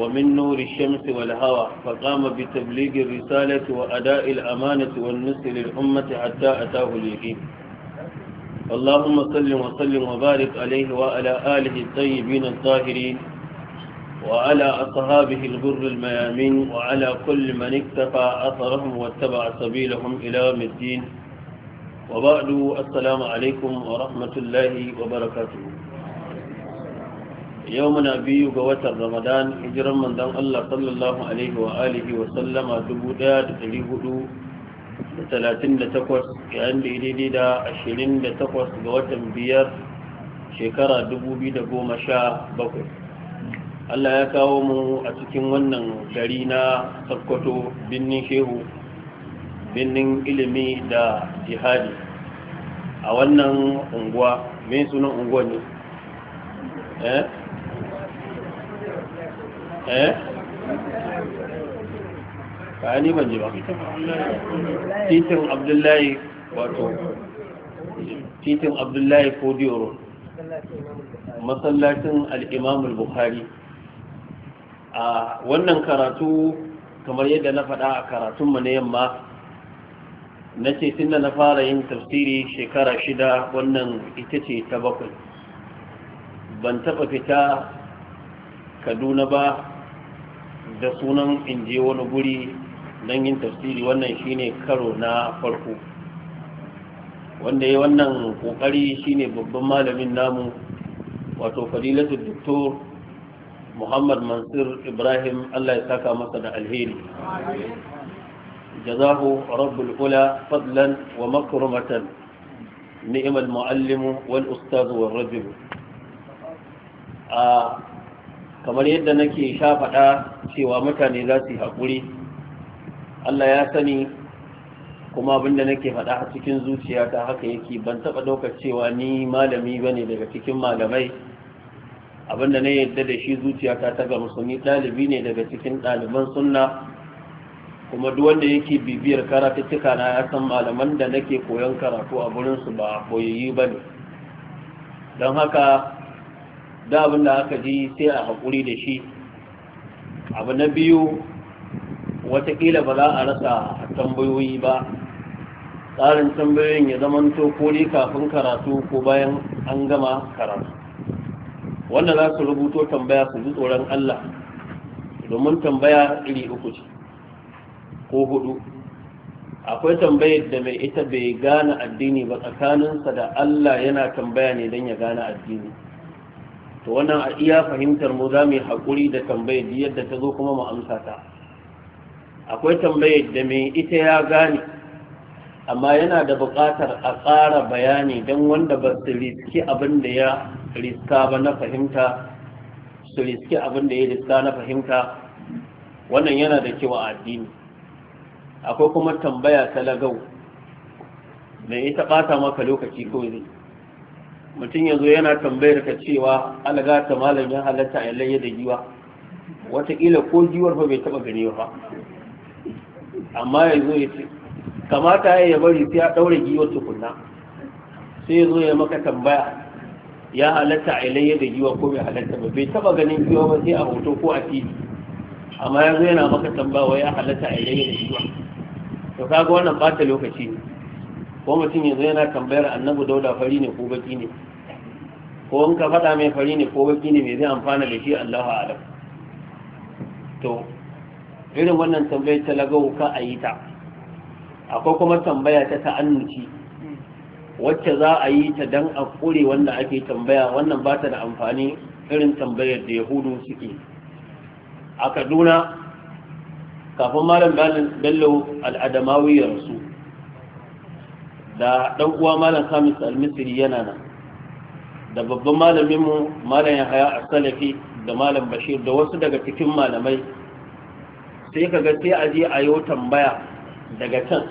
ومن نور الشمس والهوى فقام بتبليغ الرسالة وأداء الأمانة والنصر للأمة حتى أتاه اليقين اللهم صل وسلم وبارك عليه وعلى آله الطيبين الطاهرين وعلى أصحابه الغر الميامين وعلى كل من اكتفى أثرهم واتبع سبيلهم إلى الدين وبعد السلام عليكم ورحمة الله وبركاته yau muna biyu ga watan ramadan hijiran manzon Allah sallallahu alaihi wa alihi wa sallama 1438 yayin da daidai da 28 ga watan biyar shekara 2017 Allah ya kawo mu a cikin wannan gari na Sokoto binnin shehu binnin ilimi da jihadi a wannan unguwa me sunan unguwa ne eh Eh? ni ban ji ba titin abdullahi wato titin abdullahi masallacin al'imamul bukhari a wannan karatu kamar yadda na faɗa a karatunmu na yamma na ce na fara yin tafsiri shekara shida wannan ita ce ta bakwai ban taɓa fita kaduna ba da sunan in wani guri don yin tafsiri wannan shine karo na farko wanda ya wannan kokari shine babban malamin namu wato fadilatu doktor muhammad mansur ibrahim allah ya saka masa da alheri jazahu rabbul kula fadlan wa makarumatan Ni'imal muallimu wal ustaz wal rajulu ah, kamar yadda nake shafaɗa cewa mutane za su yi haƙuri Allah ya sani kuma abinda nake faɗa a cikin zuciya ta haka yake ban taɓa ɗaukar cewa ni malami ba ne daga cikin malamai abinda na yadda da shi zuciya ta ga musulmi ɗalibi ne daga cikin ɗaliban sunna kuma duk wanda yake bibiyar karatuttuka na ya san malaman da nake koyon karatu a gurin su ba koyayyi ba ne don haka da abin da aka ji sai a haƙuri da shi abu na biyu watakila ba za a rasa tambayoyi ba tsarin tambayoyin ya zamanto ko dai kafin karatu ko bayan an gama karatu wanda za su rubuto tambaya su ji tsoron Allah domin tambaya iri uku ce ko hudu akwai tambayar da mai ita bai gane addini ba tsakaninsa da Allah yana tambaya ne don ya gane addini to wannan a iya fahimtar mu za mu haƙuri da tambayar yadda ta zo kuma mu amsa ta akwai tambayar da mai ita ya gane amma yana da buƙatar a ƙara bayani don wanda ba su riski abin da ya riska ba na fahimta su riski abin da ya riska na fahimta wannan yana da kyau a addini akwai kuma tambaya ta lagau mai ita ɓata maka lokaci kawai zai mutum ya zo yana tambayar ka cewa alaga ta malam ya halatta a yalayya da giwa watakila ko giwar ba bai taba gani ba amma ya zo ya ce kamata ya yi bari sai ya daure giwar tukunna sai ya zo ya maka tambaya ya halatta a yalayya da giwa ko bai halatta ba bai taba ganin giwa ba sai a hoto ko a tv amma ya zo yana maka tambaya ya halatta a yalayya da giwa to kaga wannan bata lokaci ne ko mutum yanzu yana tambayar annabu dauda fari ne ko baki ne ko in ka faɗa mai fari ne ko baki ne mai zai amfana da shi Allahu a'lam to irin wannan tambayar ta lagau ka a yi ta akwai kuma tambaya ta ta'annuci wacce za a yi ta don a kure wanda ake tambaya wannan ba ta da amfani irin tambayar da yahudu suke a kaduna kafin malam bello al'adamawiyar su da dan uwa malam Khamis al-Misri yana nan da babban malamin mu malam Yahaya as-Salafi da malam Bashir da wasu daga cikin malamai sai ka ga sai a je a yi tambaya daga can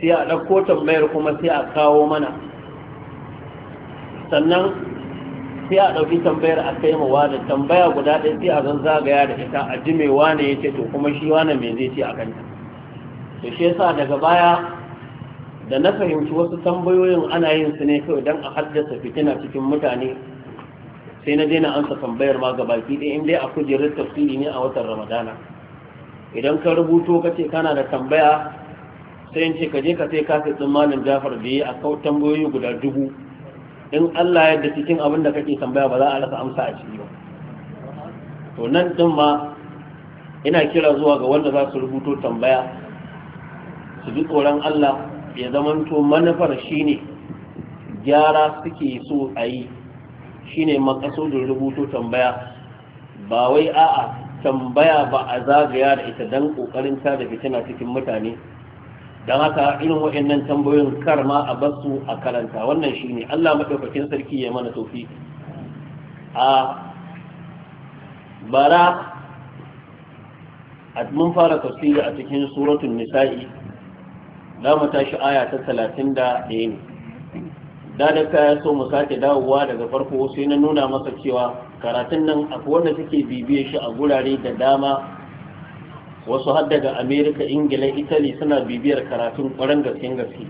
sai a ɗauko tambayar kuma sai a kawo mana sannan sai a ɗauki tambayar a kai mawa wani tambaya guda ɗaya sai a zan zagaya da ita a ji mai wane ya ce to kuma shi wane mai zai ce a kanta to shi yasa daga baya da na fahimci wasu tambayoyin ana yin su ne kawai don a haddasa fitina cikin mutane sai na daina ansa tambayar ma gabaki ɗaya in dai a kujerar tafsiri ne a watan ramadana idan ka rubuto ka ce kana da tambaya sai in ce ka je ka sai fi tsammanin jafar da yi a kawo tambayoyi guda dubu in allah yadda cikin abin da kake tambaya ba za a rasa amsa a ciki ba to nan din ma ina kira zuwa ga wanda za su rubuto tambaya su ji tsoron allah ya zamanto manufar shine gyara suke so a yi shine da rubuto tambaya ba wai a'a tambaya ba a zagaya da ita don kokarin ta da fitina cikin mutane don haka irin waɗannan tambayoyin ma a basu a karanta wannan shine Allah maɗaukakin sarki ya mana tofi a bara mun fara tafsiri a cikin suratun nisa'i za mu tashi aya ta talatin da ɗaya ne da ya kaya so mu sake dawowa daga farko sai na nuna masa cewa karatun nan akwai wanda suke bibiye shi a gurare da dama wasu har daga amerika ingila italy suna bibiyar karatun kwarin gaske gaske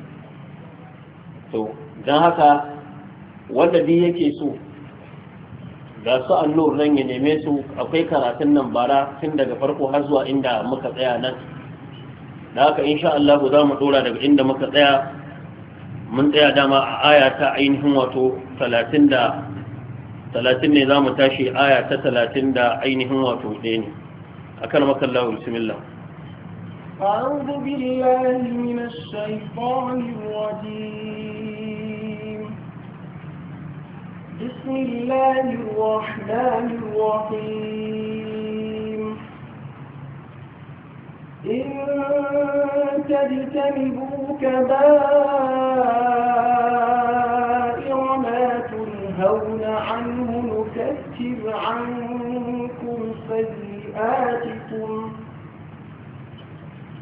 to don haka wanda duk yake so ga su annur nan ya neme su akwai karatun nan bara tun daga farko har zuwa inda muka tsaya nan da haka insha Allah za mu dora daga inda muka tsaya mun tsaya dama a aya ta ainihin wato 30 da 30 ne za mu tashi aya ta 30 da ainihin wato ɗaya ne akan makallahu bismillah أعوذ بالله من الشيطان الرجيم بسم الله الرحمن الرحيم إن تجتنبوا كبائر ما تنهون عنه نكتب عنكم سيئاتكم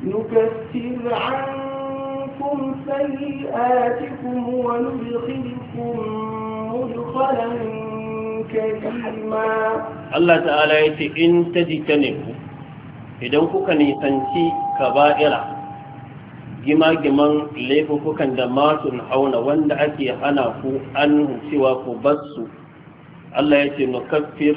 نكتب عنكم سيئاتكم وندخلكم مدخلا كريما الله تعالى يتي إن تجتنبوا idan kuka nisanci kaba'ira gima-giman laifukan da masu hauna wanda ake hana ku an cewa ku basu Allah ya ce nukaffir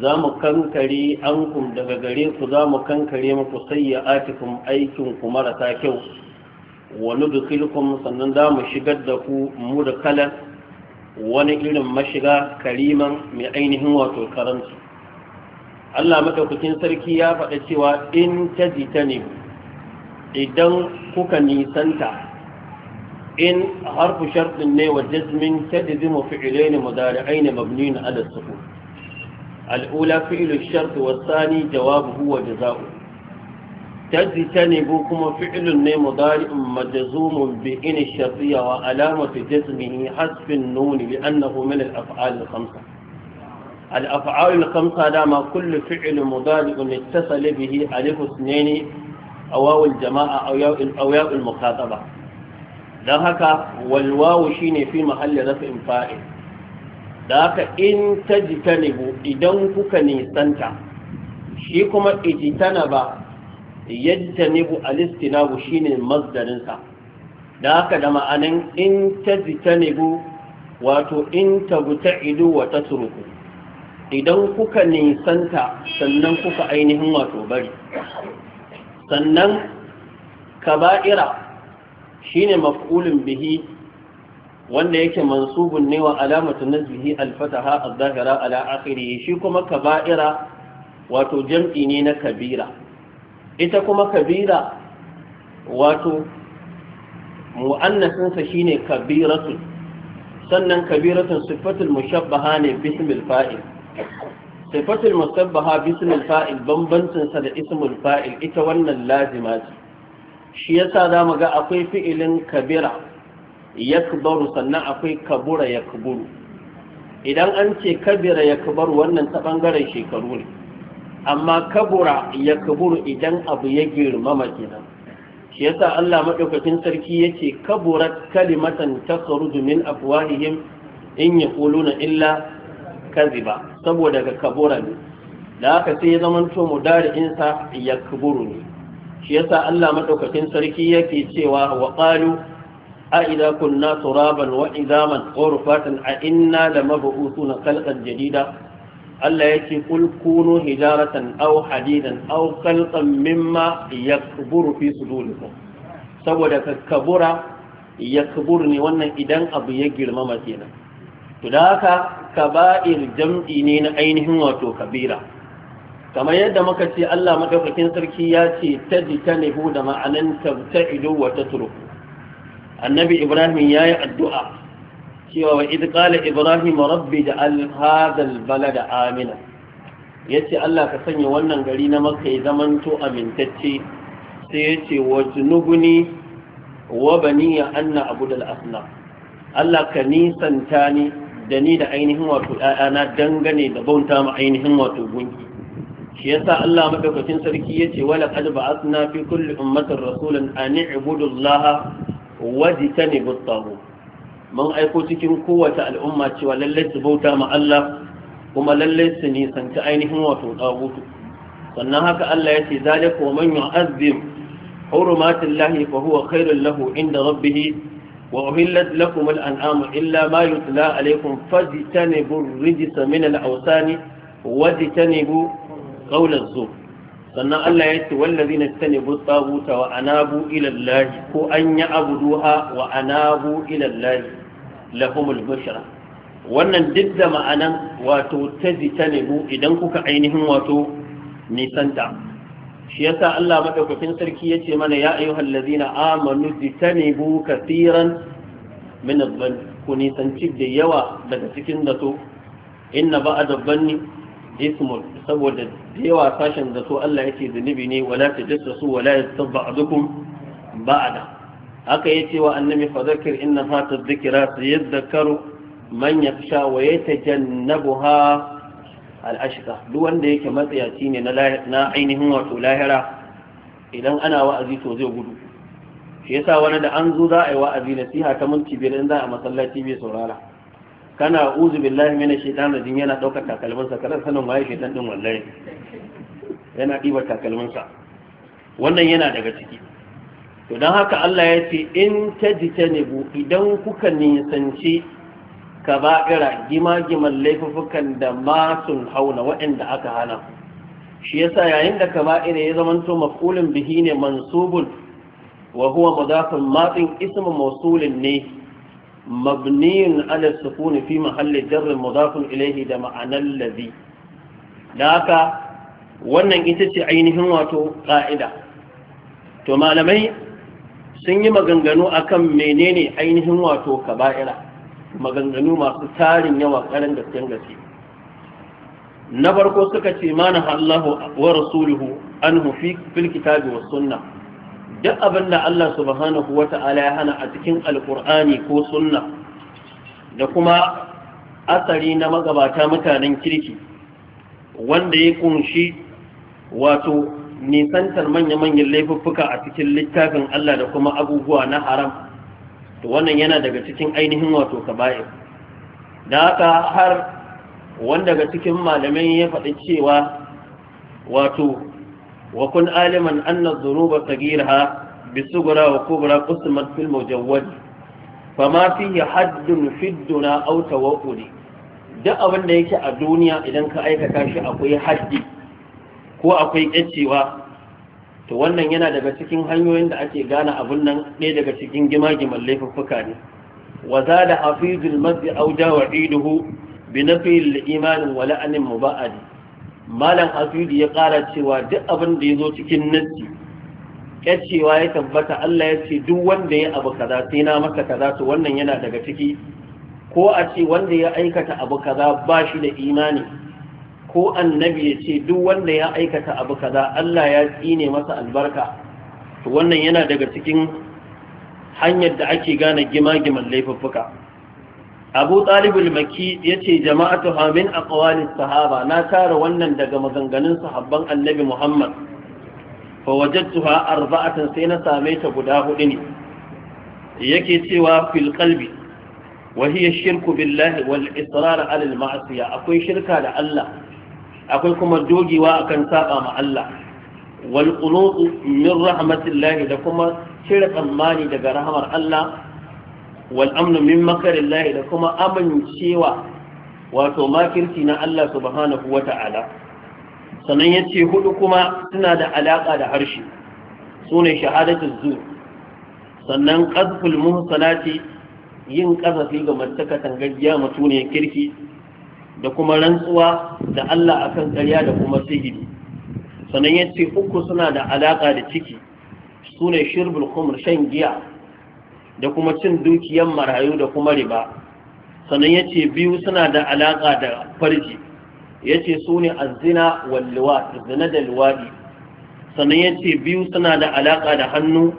za mu kankare kum daga gare ku za mu kankare muku sayya atikun aikin ku marasa kyau wani dukilkun sannan za mu shigar da ku mu da kalas wani irin mashiga kariman mai ainihin wato karansu Allah madaukakin sarki ya faɗa cewa in tajitani idan kuka nisanta in harfu sharɗin ne wa jazmin tadzimu fi'laini mudari'ain mabniin 'ala as-sukun al-ula fi'lu ash-shart wa ath-thani jawabuhu wa jazaa'u tajtanibu kuma fi'lun ne mudari'un majzumun bi in ash-shartiyya wa alamatu jazmihi hasfin nun li'annahu min al-af'al al-khamsah الأفعال الخمسة دام كل فعل مضارع اتصل به ألف اثنين أواو الجماعة أو ياء أو ياء المخاطبة ذاك والواو شين في محل رفع فاعل ذاك إن تجتنب إذن كك نيسانتا shi kuma ijitana ba yadda nibu alistinabu shine mazdarinsa da haka da ma'anin in ta zita nibu wato in ta guta idu wa ta suruku idan kuka nisanta sannan kuka ainihin wato bari sannan kaba'ira shine maf'ulun bihi wanda yake mansubun ne wa alamatu nazbihi alfataha az-zahira ala akhirih shi kuma kaba'ira wato jam'i ne na kabira ita kuma kabira wato mu'annasinsa shine kabiratun sannan kabiratun sifatul mushabbaha ne bismil fa'il sifatul musabbaha bismil fa'il bambancin sa da ismul fa'il ita wannan lazima ce shi yasa zamu ga akwai fi'ilin kabira yakbaru sannan akwai kabura yakburu idan an ce kabira yakbaru wannan ta bangaren shekaru ne amma kabura yakburu idan abu ya girmama kenan shi yasa Allah madaukakin sarki yace kaburat kalimatan takhruju min afwahihim in yaquluna illa kaziba saboda ga kabura ne da aka sai ya zamanto mudari'insa ya kaburu ne shi yasa Allah madaukakin sarki yake cewa wa qalu a idza kunna turaban wa idaman urfatan a inna lamab'uthuna khalqan jadida Allah yake kul kunu hijaratan aw hadidan aw khalqan mimma yakburu fi sudurikum saboda kakkabura yakbur ne wannan idan abu ya girmama kenan to da haka kaba'ir jam'i ne na ainihin wato kabira kamar yadda muka ce Allah madaukakin sarki ya ce tajtanihu da ma'anan tabta'idu wa tatruku annabi ibrahim ya yi addu'a cewa wa idh qala ibrahim rabbi ja'al hadha al-balada amina yace Allah ka sanya wannan gari na Makka ya zamanto amintacce sai yace wajnubni wa baniya anna abudal asna Allah ka nisanta ni da ni da ainihin wato yayana dangane da bauta ma ainihin wato gunki shi yasa Allah madaukakin sarki yace wala qad ba'athna fi kulli ummatin rasulan an i'budu Allah wa tajtanibu at mun aiko cikin kowace al'umma cewa lallai su bauta ma Allah kuma lalle su nisanci ainihin wato tagutu sannan haka Allah yace zalika wa manyan yu'azzim hurumatil lahi fa huwa khairul lahu inda rabbihi وأهلت لكم الأنعام إلا ما يتلى عليكم فاجتنبوا الرجس من الأوثان واجتنبوا قول الزور sannan Allah ya ce wallazi na ta nebu tsabuta wa anabu ilallahi ko an yi abuduha wa anabu ilallahi lahumul bushra wannan duk da ma'anan wato ta ji idan kuka ainihin wato nisanta shi yasa Allah madaukakin sarki yace mana ya ayyuhal ladina amanu tanibu kaseeran min adh-dhann ku nisanci da yawa daga cikin zato inna ba'da dhanni ismun saboda da yawa sashen zato Allah yake zunubi ne wala tajassasu wala yastaba'dukum ba'da haka yace wa annabi fadhakkir inna fatadh dhikra sayadhakkaru man yakhsha wa yatajannabuha al'ashika duk wanda yake matsayaci ne na ainihin wato lahira idan ana wa'azi to zai gudu shi yasa wani da an zo za a yi wa'azi nasiha ta minti biyar in za a masallaci bai saurara kana uzu billahi na shaitan rajin yana ɗaukar takalminsa kana sanin waye shaitan ɗin wallahi yana ɗibar takalminsa wannan yana daga ciki to don haka Allah ya ce in ta jita tajtanibu idan kuka nisanci kaba'ira gima-giman laifukan da ma sun hauna waɗanda aka hana shi yasa yayin da kaba'ira ya zamanto maf'ulin bihi ne mansubun wa huwa matsin isma mausulin ne mabniyun ala sukuni fi mahalli jarrin mudafin ilaihi da ma'anar lazi da haka wannan ita ce ainihin wato ƙa'ida to malamai sun yi maganganu akan menene ainihin wato kaba'ira maganganu masu tarin yawa karin gaskiyar gaske na farko suka ce mana Allah wa rasuluhu anhu fi fil kitabi was sunna duk abin da Allah subhanahu wata'ala ya hana a cikin alqur'ani ko sunna da kuma asari na magabata mutanen kirki wanda ya kunshi wato nisantar manya-manyan laifuffuka a cikin littafin Allah da kuma abubuwa na haram to wannan yana daga cikin ainihin wato kaba'ir da haka har wanda daga cikin malamai ya faɗi cewa wato wa kun aliman anna dhuruba sagirha bisugura wa kubra qismat fil mujawwad fama fihi haddun fidduna aw tawaqquli duk abin da yake a duniya idan ka aikata shi akwai haddi ko akwai kacewa to wannan yana daga cikin hanyoyin da ake gane abun nan ɗaya daga cikin gima-giman laifuffuka ne wa za da hafizul masjid auja wa iduhu bi nafi imanin wa la'anin ba'adi. malam hafizu ya ƙara cewa duk abin da ya zo cikin nassi cewa ya tabbata Allah ya ce duk wanda ya abu kaza sai na maka kaza to wannan yana daga ciki ko a ce wanda ya aikata abu kaza ba shi da imani ko annabi ya ce duk wanda ya aikata abu kaza Allah ya tsine masa albarka to wannan yana daga cikin hanyar da ake gane gima-giman laifuffuka abu talibul maki ya ce jama'atu hamin a sahaba na tara wannan daga maganganun sahabban annabi muhammad tuha arba'atan sai na same ta guda hudu ne yake cewa fil kalbi wa shirku billahi wal israr ala ma'asiya akwai shirka da Allah akwai kuma dogewa akan saba ma Allah wal qunutu min rahmatillahi da kuma cire tsammani daga rahmar Allah wal amnu min da kuma amincewa wato makirci na Allah subhanahu wata'ala sannan yace hudu kuma suna da alaka da harshe sune shahadatu zur sannan qazful muhsanati yin kazafi ga mace katangaggiya mutune kirki da kuma rantsuwa da Allah a kan ƙarya da kuma sihiri sannan ya ce uku suna da alaƙa da ciki su ne shirbul kumur shan giya da kuma cin dukiyan marayu da kuma riba sannan ya ce biyu suna da alaƙa da farji ya ce su ne azina walluwa zina da luwaɗi sannan ya ce biyu suna da alaƙa da hannu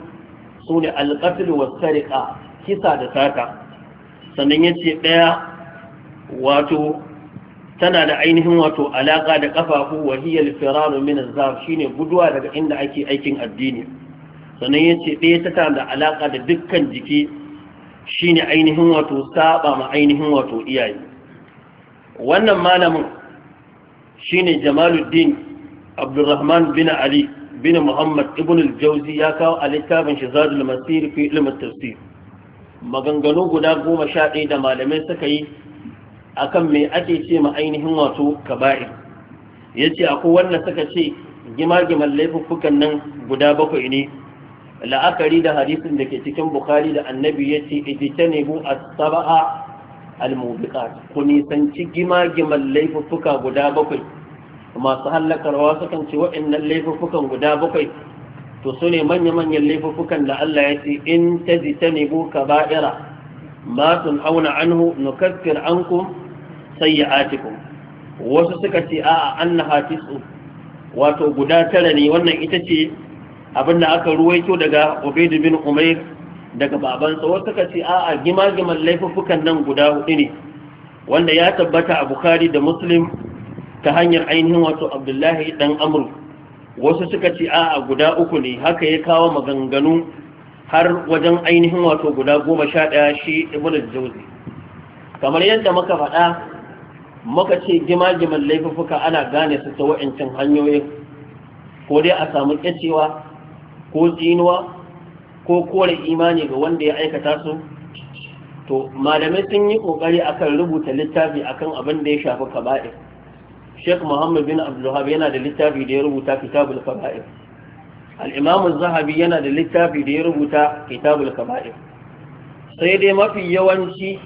su ne alƙafil wa sarika kisa da saka sannan ya ce ɗaya wato tana da ainihin wato alaƙa da ƙafafu, wahiyar hiya firaru min shine guduwa daga inda ake aikin addini sannan yace ɗaya ta tana da alaka da dukkan jiki shine ainihin wato saba ma ainihin wato iyaye wannan malamin shine Jamaluddin Abdulrahman bin Ali bin Muhammad ibn al-Jawzi ya kawo a littafin shi Masir fi ilm tafsir maganganu guda goma sha ɗaya da malamai suka yi akan me ake ce ma ainihin wato kaba'ir yace akwai wanda suka ce gima-giman nan guda bakwai ne la'akari da hadisin da ke cikin bukhari da annabi ya ce nemo a saba al-mubiqat ku nisanci gima-giman guda bakwai masu hallakarwa sukan ce waɗannan laifukan guda bakwai to su ne manya-manyan laifukan da Allah ya ce in ta tajtanibu kaba'ira ma tunhauna anhu sai ya sayyi'atikum wasu suka ce a'a annaha tis'u wato guda tara ne wannan ita ce abinda aka ruwaito daga Ubayd bin Umayr daga babansa wasu suka ce a'a gima-giman laifuffukan nan guda hudu ne wanda ya tabbata a Bukhari da Muslim ta hanyar ainihin wato Abdullahi dan Amr wasu suka ce a'a guda uku ne haka ya kawo maganganu har wajen ainihin wato guda goma sha ɗaya shi ibn jauzi kamar yadda muka faɗa muka ce gima-giman laifuka ana gane su ta wa'ancin hanyoyi, ko dai a samu kyacewa ko tsinuwa ko kore imani ga wanda ya aikata su to malamai sun yi kokari akan rubuta littafi akan abin da ya shafi kaba'ir Sheikh Muhammad bin Abdulwahab yana da littafi da ya rubuta Kitabul Kaba'ir al'imamu zahabi yana da littafi da ya rubuta kitabul kaba'ir sai dai mafi yawanci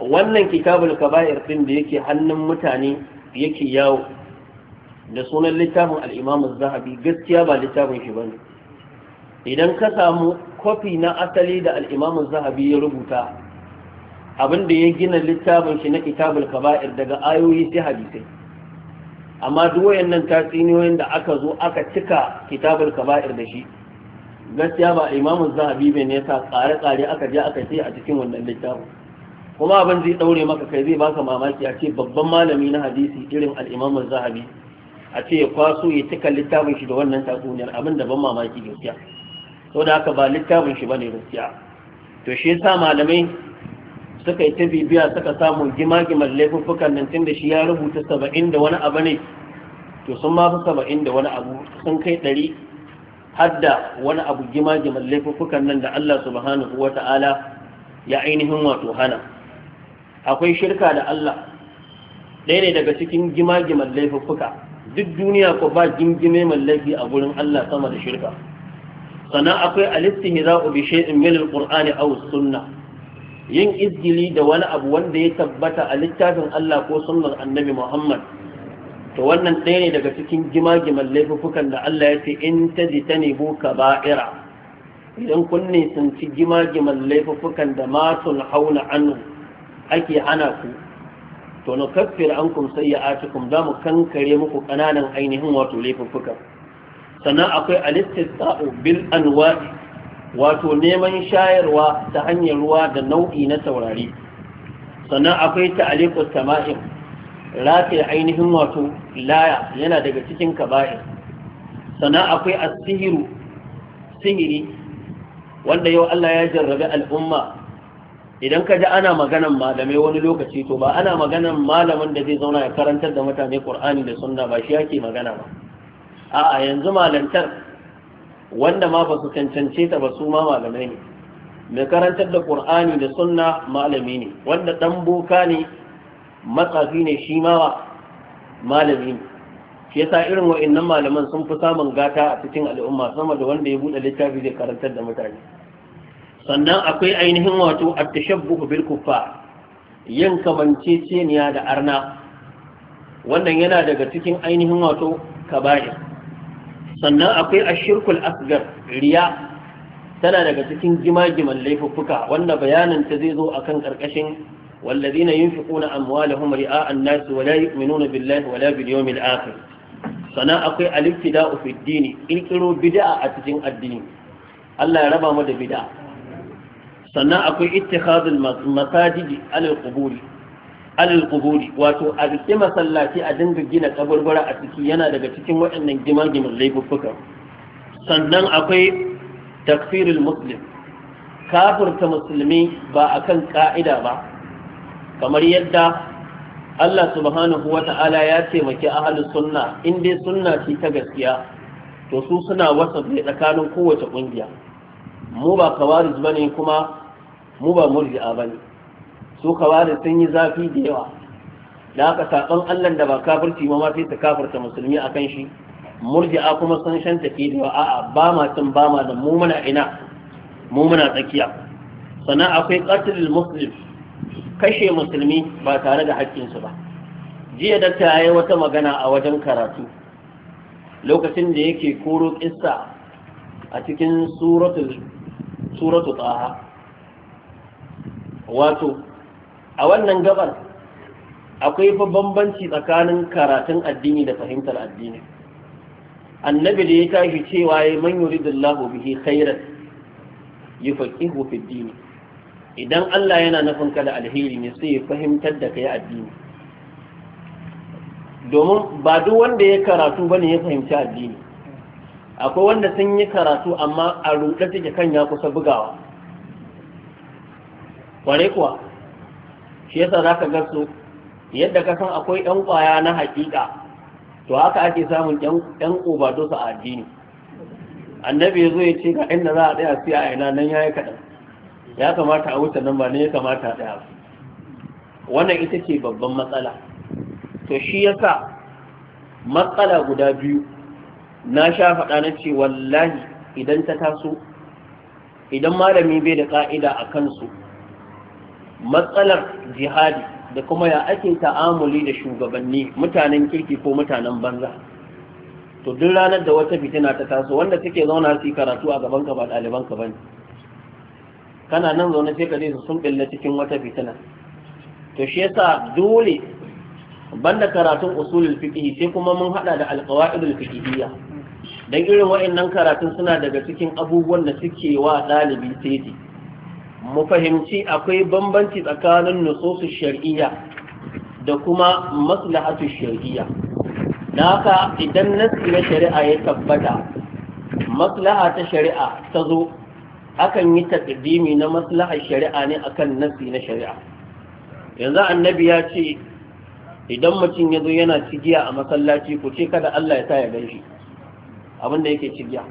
wannan kitabul kaba'ir ɗin da yake hannun mutane yake yawo da sunan littafin al'imamu zahabi gaskiya ba littafin shi ba ne idan ka samu kwafi na asali da al'imamu zahabi ya rubuta abinda ya gina littafin shi na kitabul kaba'ir daga ayoyi sai hadisai amma duk wayannan tatsuniyoyin da aka zo aka cika kitabul kaba'ir da shi gaskiya ba imamu zahabi bai ne yasa tsare-tsare aka je aka ce a cikin wannan littafin kuma abin zai daure maka kai zai baka mamaki a ce babban malami na hadisi irin al-imamu zahabi a ce ya kwaso ya cika littafin shi da wannan tatsuniyar abin da ban mamaki gaskiya saboda haka ba littafin shi bane gaskiya to shi yasa malamai suka yi ta bibiya suka samu gima-gimar laifuffukan nan tun da shi ya rubuta saba'in da wani abu ne to sun ma fi saba'in da wani abu sun kai ɗari hadda wani abu gima-gimar laifuffukan nan da Allah subhanahu wa ta'ala ya ainihin wato hana akwai shirka da Allah ɗaya ne daga cikin gima-gimar laifuffuka duk duniya ko ba gingime mai laifi a gurin Allah sama da shirka sannan akwai alistihi za'u bi shay'in min al-qur'ani aw sunnah yin izgili da wani abu wanda ya tabbata a littafin Allah ko sunnar annabi Muhammad to wannan ɗaya ne daga cikin gimagiman laifukan da Allah ya ce in ta tajtanibu kaba'ira idan kun ci gimagiman laifukan da matun hauna an ake hana ku to na kaffir an kum sai ya za mu kankare muku ƙananan ainihin wato laifukan sannan akwai alistisa'u bil anwa'i wato neman shayarwa ta hanyar ruwa da nau'i na taurari sannan akwai ta'aliqus sama'in rafi ainihin wato laya yana daga cikin kaba'in. sannan akwai asihiru sihiri wanda yau Allah ya jarrabe al'umma idan ka ji ana maganan malamai wani lokaci to ba ana maganan malamin da zai zauna ya karantar da mutane Qur'ani da Sunna ba shi yake magana ba a'a yanzu malantar wanda ma ba su cancance ta ba su ma malamai ne mai karantar da ƙur'ani da sunna malami ne wanda ɗan boka ne matsafi ne shi ma malami ne shi yasa irin wa'annan malaman sun fi samun gata a cikin al'umma sama da wanda ya buɗe littafi zai karantar da mutane sannan akwai ainihin wato at-tashabbuh bil kuffa, yin kamanceceniya da arna wannan yana daga cikin ainihin wato kaba'ir sannan akwai ashirkul asgar riya tana daga cikin gimagiman laifuffuka wanda bayanin ta zai zo akan karkashin والذين ينفقون أموالهم رئاء الناس billahi? يؤمنون بالله ولا باليوم الآخر Sannan akwai alibtida'u fi dini kirkiro bid'a a cikin addini Allah ya raba mu da bid'a sannan akwai ittikhadul masajid alal Kuburi. alal quburi wato a rike masallaci a dinga gina kaburbura a ciki yana daga cikin waɗannan gimagimin laifuffuka sannan akwai takfirul muslim kafirta musulmi ba akan ka'ida ba kamar yadda Allah subhanahu wa ta'ala ya taimaki ahli sunna in dai sunna ce ta gaskiya to su suna wasa tsakanin kowace kungiya mu ba kawarij bane kuma mu ba murji'a bane su kawari sun yi zafi da yawa da haka saƙon Allah da ba kafirci ma sai ta kafirta musulmi a kan shi murji'a kuma sun shan tafi da yawa a'a ba ma tun ba ma da mu ina mu muna tsakiya sannan akwai qatlul musulmi kashe musulmi ba tare da haƙƙinsu ba jiya da ta yi wata magana a wajen karatu lokacin da yake koro kissa a cikin suratul suratu wato a wannan gabar akwai fa bambanci tsakanin karatun addini da fahimtar addini annabi da ya tashi cewa ya man yuridullahu bihi khairan yufaqihu fi dini idan Allah yana nufin ka alheri ne sai ya fahimtar da kai addini domin ba duk wanda ya karatu bane ya fahimci addini akwai wanda sun yi karatu amma a ruɗe take kan ya kusa bugawa kware kuwa shi yasa za ka gasu yadda ka san akwai 'yan kwaya na haƙiƙa to haka ake samun 'yan obados a addini annabi ya zo ya ce ga inda za a tsaya siya a ina nan ya yi kaɗan ya kamata a wuce nan ba ne ya kamata a tsaya wannan ita ce babban matsala to shi yasa matsala guda biyu na sha faɗa na ce wallahi idan ta taso idan malami bai da ƙa'ida a kansu matsalar jihadi da kuma ya ake ta'amuli da shugabanni mutanen kirki ko mutanen banza to duk ranar da wata fitina ta taso wanda take zauna su karatu a gaban ba ɗaliban ka bane kana nan zaune sai ka su sun billa cikin wata fitina to shi yasa dole banda karatun usulul fiqh sai kuma mun hada da alqawaidul fiqhiyya dan irin wa'annan karatun suna daga cikin abubuwan da suke wa ɗalibi sai mu fahimci akwai bambanci tsakanin nususun shari'a da kuma maslahatu shari'a Na haka idan nasi na shari'a ya tabbata maslaha ta shari'a ta zo akan yi takdimi na maslahar shari'a ne akan nasi na shari'a yanzu annabi ya ce idan mutum ya zo yana cigiya a masallaci ku ce kada Allah ya sa ya gan shi abin yake cigiya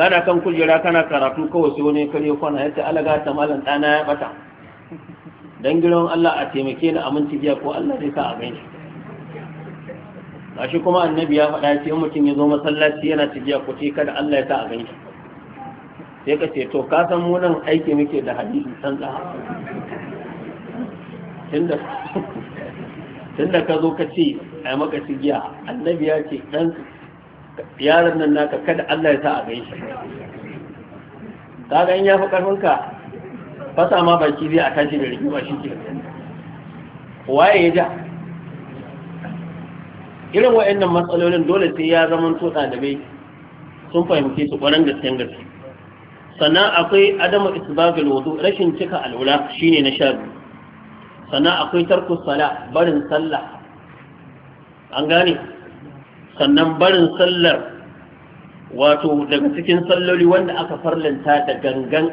kana kan kujera kana karatu kawai sai wani kare kwana ya ce alaga ta malam ɗana ya ɓata dan girman Allah a taimake ni aminci jiya ko Allah zai sa a gan shi gashi kuma annabi ya faɗa ce mutum ya zo masallaci yana tafiya ko ce kada Allah ya sa a shi sai ka ce to ka san mu nan aiki muke da hadisi san tunda tunda ka zo ka ce ai maka tigiya annabi ya ce dan yaron nan naka kada Allah ya sa a gaishe kaga in ya fi karfinka fasa ma baki zai a tashi da rigima shi ke waye ya ja irin wa'annan matsalolin dole sai ya zama to dalibai sun fahimce su ƙwarar gaskiyar gaske sannan akwai adamu isbabil wudu rashin cika alwala shine na sha biyu sannan akwai tarku sala barin sallah an gane sannan barin sallar wato daga cikin salloli wanda aka farlanta da gangan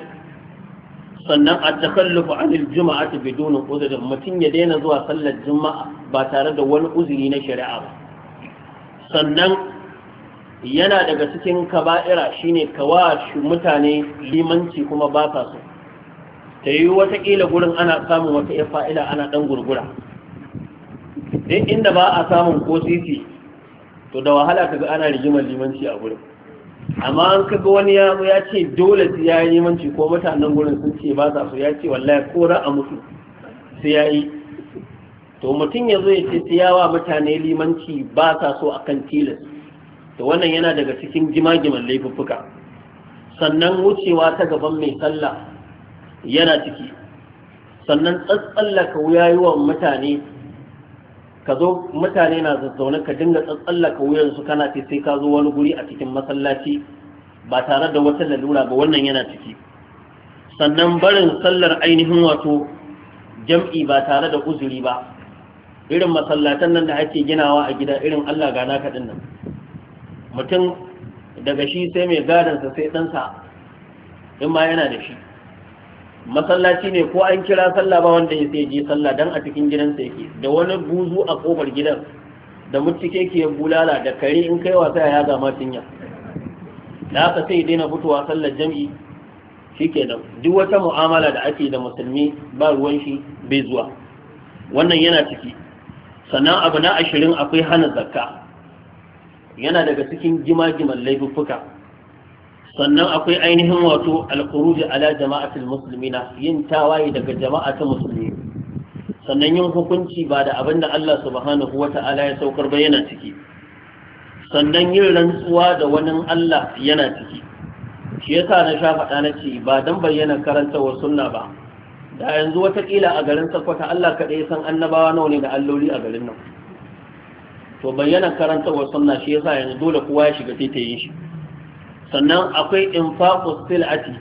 sannan a takallufu anil juma'a ta dunin uzurin mutum ya daina zuwa sallar juma'a ba tare da wani uzuri na shari'a ba sannan yana daga cikin kaba'ira shine kawa mutane limanci kuma ba sa so ta yi watakila gurin ana samun wata ya fa'ila ana ɗan gurgura duk inda ba a samun ko titi to da wahala ka ga ana rigimar limanci a gurin amma an kaga wani ya ya ce dole sai ya yi limanci ko mutanen gurin sun ce ba sa so ya ce wallahi ko ra a mutu sai ya yi to mutum ya zo ya ce sai yawa mutane limanci ba sa so akan tilas to wannan yana daga cikin gimagiman laifuffuka sannan wucewa ta gaban mai sallah yana ciki sannan tsatsallaka wuyayuwan mutane ka zo mutane na zazzaune ka dinga tsatsallaka wuyansu kana ce sai ka zo wani guri a cikin masallaci ba tare da wata lalura ba wannan yana ciki sannan barin sallar ainihin wato jam'i ba tare da uzuri ba irin masallatan nan da ake ginawa a gida irin Allah gana ka nan mutum daga shi sai mai gadansa sai ɗansa in ma yana da shi masallaci ne ko an kira sallah ba wanda ya sai je sallah dan a cikin gidansa yake da wani buzu a kofar gidan da mutuke ke bulala da kare in kai wasa ya ma tinya da haka sai daina fitowa sallar jami'i shikenan duk wata mu'amala da ake da musulmi ba ruwan shi bai zuwa wannan yana ciki sannan abu na ashirin akwai hana zakka yana daga cikin gima-giman laifuffuka sannan akwai ainihin wato alkuruji ala jama'atul muslimina yin tawaye daga jama'a ta musulmi sannan yin hukunci ba da abin da Allah subhanahu wata'ala ya saukar ba yana ciki sannan yin rantsuwa da wani Allah yana ciki shi yasa na sha faɗa na ce ba dan bayyana karanta wa sunna ba da yanzu wataƙila a garin sakwata Allah kaɗai san annabawa nawa ne da alloli a garin nan to bayyana karanta wa sunna shi yasa yanzu dole kowa ya shiga taitayin shi sannan akwai infaqus silati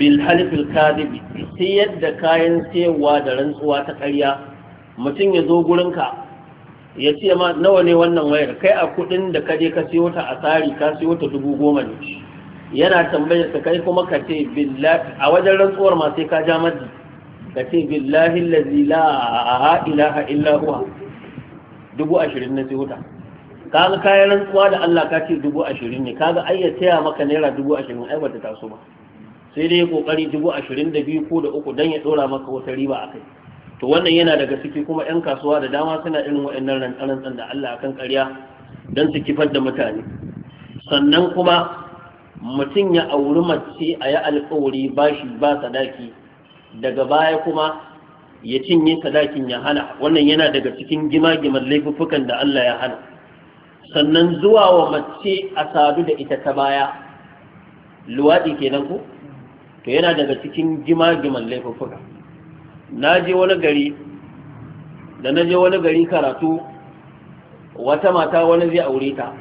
bil halifil kadibi sai yadda kayan sayarwa da rantsuwa ta ƙarya mutum ya zo gurinka ya ce ma nawa ne wannan wayar kai a kudin da kaje ka siyo ta a tsari ka siyo ta dubu goma ne yana tambayar ka kai kuma ka ce a wajen rantsuwar ma sai ka ja maji ka ce billahi allazi la ilaha illa huwa dubu ashirin na siyo ta Ka ga kayan rantsuwa da Allah ka ce dubu ashirin ne ga ai ya taya maka naira dubu ashirin ai bata taso ba sai dai kokari dubu ashirin da biyu ko da uku don ya dora maka wata riba a kai to wannan yana daga ciki kuma yan kasuwa da dama suna irin wa'annan rantsan da Allah akan ƙarya don su kifar da mutane sannan kuma mutum ya auri mace a yi alƙawari bashi ba sadaki daga baya kuma ya cinye sadakin ya hana wannan yana daga cikin gima-giman laifuffukan da Allah ya hana sannan zuwa wa mace a sadu da ita ta baya luwaɗi kenan ku to yana daga cikin jima-jiman laifuffuka na je wani gari da na je wani gari karatu wata mata wani zai aure ta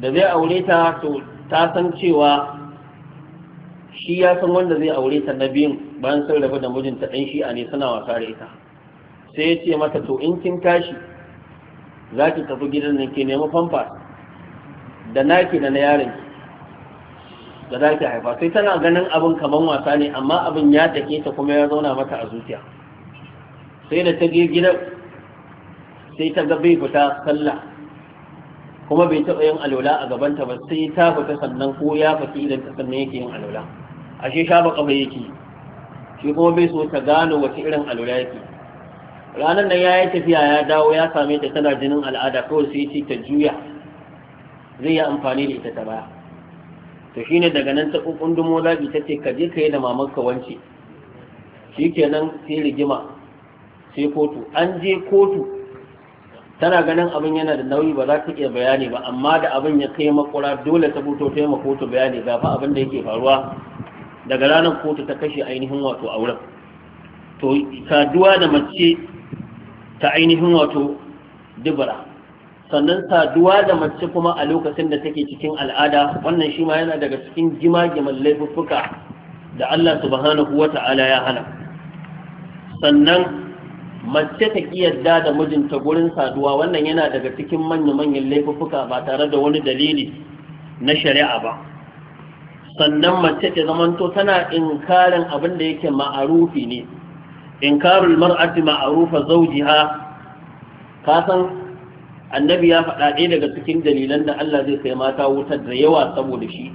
da zai aure ta to ta san cewa shi ya san wanda zai aure ta na biyun bayan sun rabu da mijinta ɗan shi a ne suna wasa da ita sai ya ce mata to in kin tashi za ki tafi gidan nan ke nemi famfa da naki na na yaron da za ki haifa sai tana ganin abin kaman wasa ne amma abin ya take ta kuma ya zauna mata a zuciya sai da ta je gidan sai ta ga bai fita sallah kuma bai taɓa yin alola a gabanta ba sai ta fita sannan ko ya faki idan ta sannan yake yin alola ashe sha baka bai yake shi kuma bai so ta gano wace irin alola yake ranar nan ya yi tafiya ya dawo ya same ta tana jinin al'ada kawai sai ce ta juya zai yi amfani da ita ta baya to shine daga nan ta kundumo zabi ta ce ka je ka yi da mamanka wance nan sai rigima sai kotu an je kotu tana ganin abin yana da nauyi ba za ta iya bayani ba amma da abin ya kai makura dole ta fito ta yi kotu bayani ga fa abin da yake faruwa daga ranar kotu ta kashe ainihin wato auren to kaduwa da mace ta ainihin wato dubura sannan saduwa da mace kuma a lokacin da take cikin al'ada wannan shi ma yana daga cikin jimagiman laifuffuka da Allah subhanahu wa ta'ala ya hana sannan mace ta kiyarda da mijinta gurin saduwa wannan yana daga cikin manya-manyan laifuffuka ba tare da wani dalili na shari'a ba sannan mace ta zamanto tana inkarin abin da yake ma'arufi ne inkaru mar'ati ma'rufa zawjiha ka san annabi ya faɗa ɗaya daga cikin dalilan da Allah zai kai mata wutar da yawa saboda shi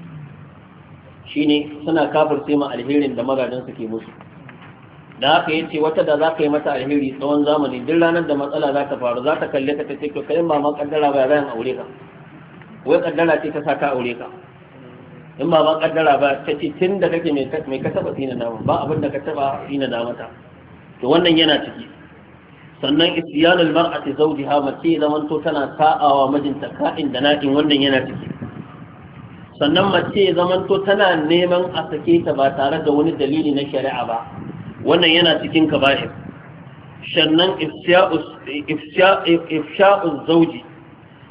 shine suna kafirce ma alherin da magadan ke musu da haka yace ce wata da za ka yi mata alheri tsawon zamani duk ranar da matsala za ta faru za ta kalle ka ta ce ka yi mama kaddara ba zan aure ka wai kaddara ce ta sa ka aure ka in ba ma kaddara ba ta ce tun da kake mai ka taba tsina ba abin da ka taba tsina da mata. to wannan yana ciki sannan isyanul mar'ati zawjiha mace da to tana sa'awa mijinta ka'in da na'in wannan yana ciki sannan mace zaman to tana neman a sake ta ba tare da wani dalili na shari'a ba wannan yana cikin kaba'ir sannan ifsha'u zawji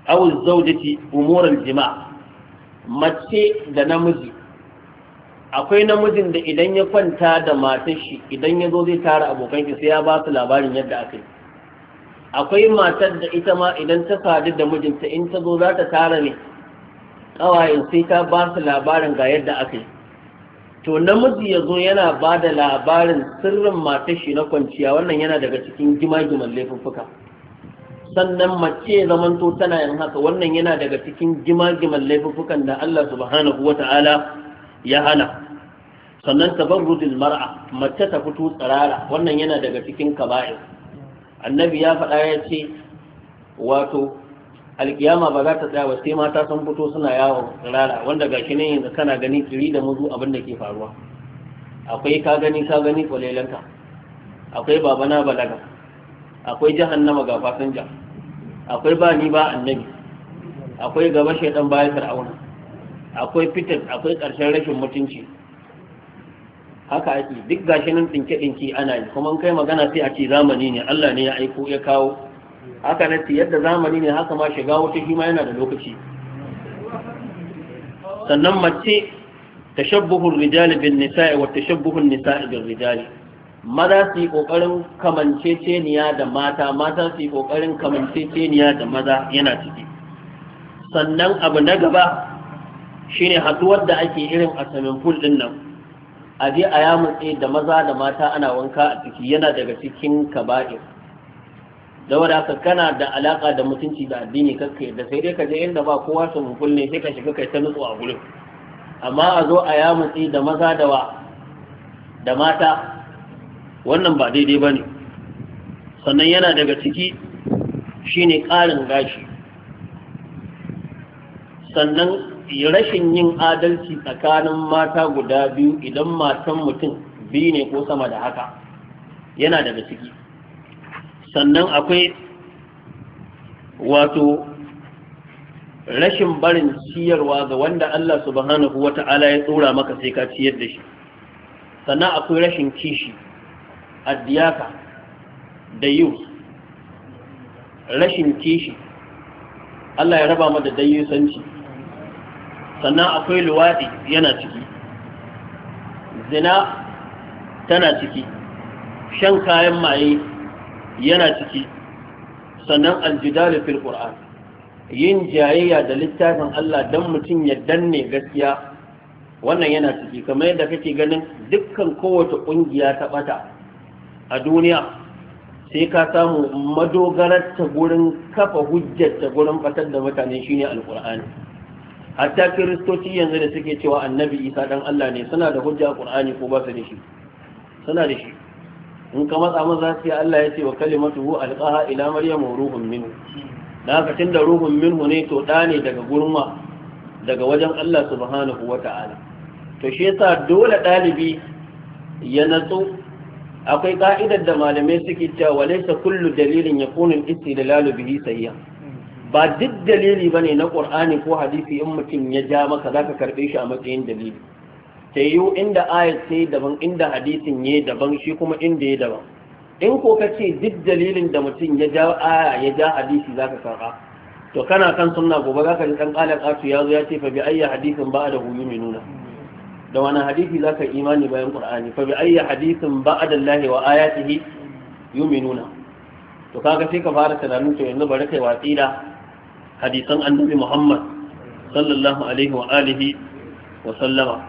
aw zawjati umuran jima'a. mace da namiji akwai namijin da idan ya kwanta da matar shi idan ya zo zai tara abokan shi sai ya ba su labarin yadda aka yi akwai matar da ita ma idan ta sadu da mijinta in ta zo za ta tara ne ƙawayen sai ta ba su labarin ga yadda aka yi to namiji ya zo yana ba da labarin sirrin matar shi na kwanciya wannan yana daga cikin gima-giman sannan mace zamanto tana yin haka wannan yana daga cikin gima-giman da Allah subhanahu wata'ala ya hana sannan tabarrudul mar'a mace ta fito tsirara wannan yana daga cikin kaba'in. annabi ya faɗa ya ce wato alkiyama ba za ta tsaya ba sai mata sun fito suna yawo tsirara wanda shi ne yanzu kana gani tsiri da muzu abin da ke faruwa akwai ka gani ka gani kwalelanka akwai babana balaga akwai jahannama ga fasinja akwai ba ni ba annabi akwai gaba shaidan baya fir'auna akwai fitar akwai ƙarshen rashin mutunci haka ake duk gashi nan tsinke ana yi kuma kai magana sai a ce zamani ne Allah ne ya aiko ya kawo haka na ce yadda zamani ne haka ma shiga wata shi ma yana da lokaci sannan mace tashabbuhur rijali bin nisa'i wa tashabbuhun nisa'i bin rijali maza su yi ƙoƙarin kamanceceniya da mata mata su yi ƙoƙarin kamanceceniya da maza yana ciki sannan abu na gaba ne haduwar da ake irin a samin ful din nan a je a yamutse da maza da mata ana wanka a ciki yana daga cikin kaba'ir da wadda kana da alaka da mutunci da addini kakka yadda sai dai ka je inda ba kowa su pool ne sai ka shiga kai ta nutsu a gurin amma a zo a yamutse da maza da wa da mata wannan ba daidai ba ne sannan yana daga ciki shine ƙarin gashi sannan rashin yin adalci tsakanin mata guda biyu idan matan mutum biyu ne ko sama da haka yana daga ciki sannan akwai wato rashin barin ciyarwa ga wanda Allah subhanahu wa ta'ala ya tsora maka sai ka ciyar da shi sannan akwai rashin kishi addiyaka da yiwu rashin kishi Allah ya raba mu da sannan akwai luwaɗi yana ciki zina tana ciki shan kayan maye yana ciki sannan aljidalu fil qur'an yin jayayya da littafin Allah dan mutum ya danne gaskiya wannan yana ciki kamar yadda kake ganin dukkan kowace ƙungiya ta ɓata a duniya sai ka samu madogarar ta gurin kafa hujjar ta gurin batar da mutane shine alqur'ani hatta kiristoci yanzu da suke cewa annabi isa dan Allah ne suna da hujja a qur'ani ko ba su da shi suna da shi in ka matsa maza sai Allah ya ce wa kalimatuhu alqaha ila maryam wa ruhun minhu da haka tunda ruhun minhu ne to da ne daga gurma daga wajen Allah subhanahu wata'ala to shi yasa dole dalibi ya natsu akwai ka'idar da malamai suke cewa walaysa kullu dalilin yakunu istidlalu bihi sayyan ba duk dalili bane na qur'ani ko hadisi in mutum ya ja maka zaka karbe shi a matsayin dalili sai yiwu inda ayat sai daban inda hadisin ya daban shi kuma inda ya daban in ko ka ce duk dalilin da mutum ya ja aya ya ja hadisi zaka karba to kana kan sunna gobe zaka ji dan qalan asu yazo ya ce fa bi ayya hadisin ba da huyu hu nuna? da wani hadisi zaka imani bayan qur'ani fa bi ayya hadisin ba da allahi wa ayatihi yuminuna to kaga sai ka fara tunanin to yanzu bari kai watsi da hadisan annabi Muhammad sallallahu alaihi wa alihi wa sallama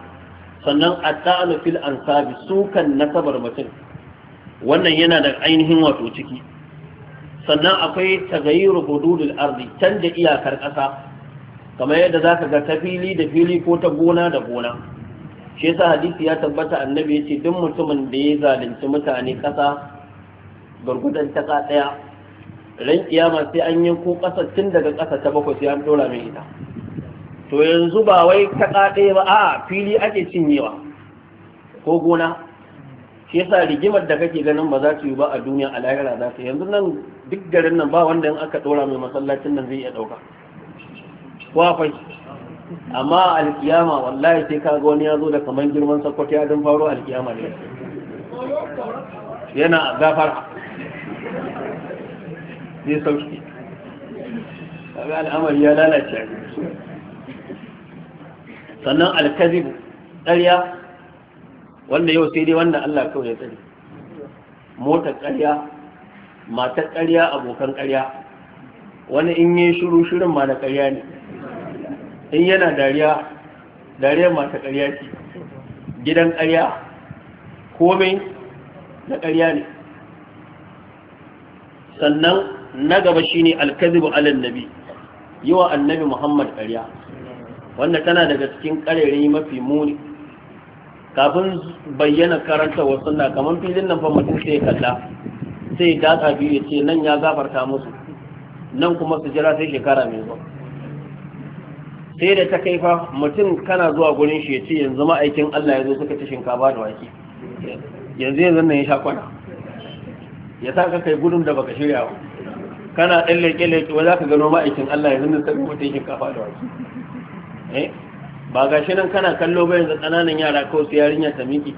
sannan at-ta'anu fil ansabi sukan nasabar mutum wannan yana da ainihin wato ciki sannan akwai tagayyuru hududul ardi canja iyakar ƙasa kamar yadda zaka ga ta fili da fili ko ta gona da gona shi yasa hadisi ya tabbata annabi ya ce duk mutumin da ya zalunci mutane ƙasa gurgudan ta ɗaya ran kiyama sai an yanko ƙasa tun daga kasa ta bakwai sai an dora mai ita to yanzu ba wai ta ɗaya ba a'a fili ake cinyewa ko gona shi yasa rigimar da kake ganin ba za ta yi ba a duniya a lahira za ta yanzu nan duk garin nan ba wanda in aka dora mai masallacin nan zai iya ɗauka ko akwai amma alkiyama wallahi sai ka ga wani ya zo da kaman girman sakwati ya dan faro alkiyama ne yana gafara zai sauki kaga al'amari ya lalace sannan alkazibu ƙarya wanda yau sai dai wanda Allah kawai ya tsari. motar ƙarya matar ƙarya abokan ƙarya wani in yi shiru shirin ma da ƙarya ne in yana dariya dariyar mata ƙarya ce gidan ƙarya komai na ƙarya ne sannan na gaba shi ne alkazibu alal nabi yiwa annabi Muhammad ƙarya wanda tana daga cikin ƙarere mafi muni kafin bayyana karanta wasu na kamar filin nan fa mutum sai kalla sai datsa biyu ya ce nan ya gafarta musu nan kuma su jira sai shekara mai zuwa sai da ta kaifa mutum kana zuwa gurin shi ya ce yanzu ma'aikin Allah ya zo suka ci shinkafa da wake yanzu yanzu nan ya sha kwana ya sa ka kai gudun da baka shirya ba kana ɗan leƙe-leƙe wa za ka gano ma'aikin Allah ya da sabi mutum yake kafa da waki eh? ba ga shi nan kana kallo ba yanzu ƙananan yara kawai su yarinya ta miki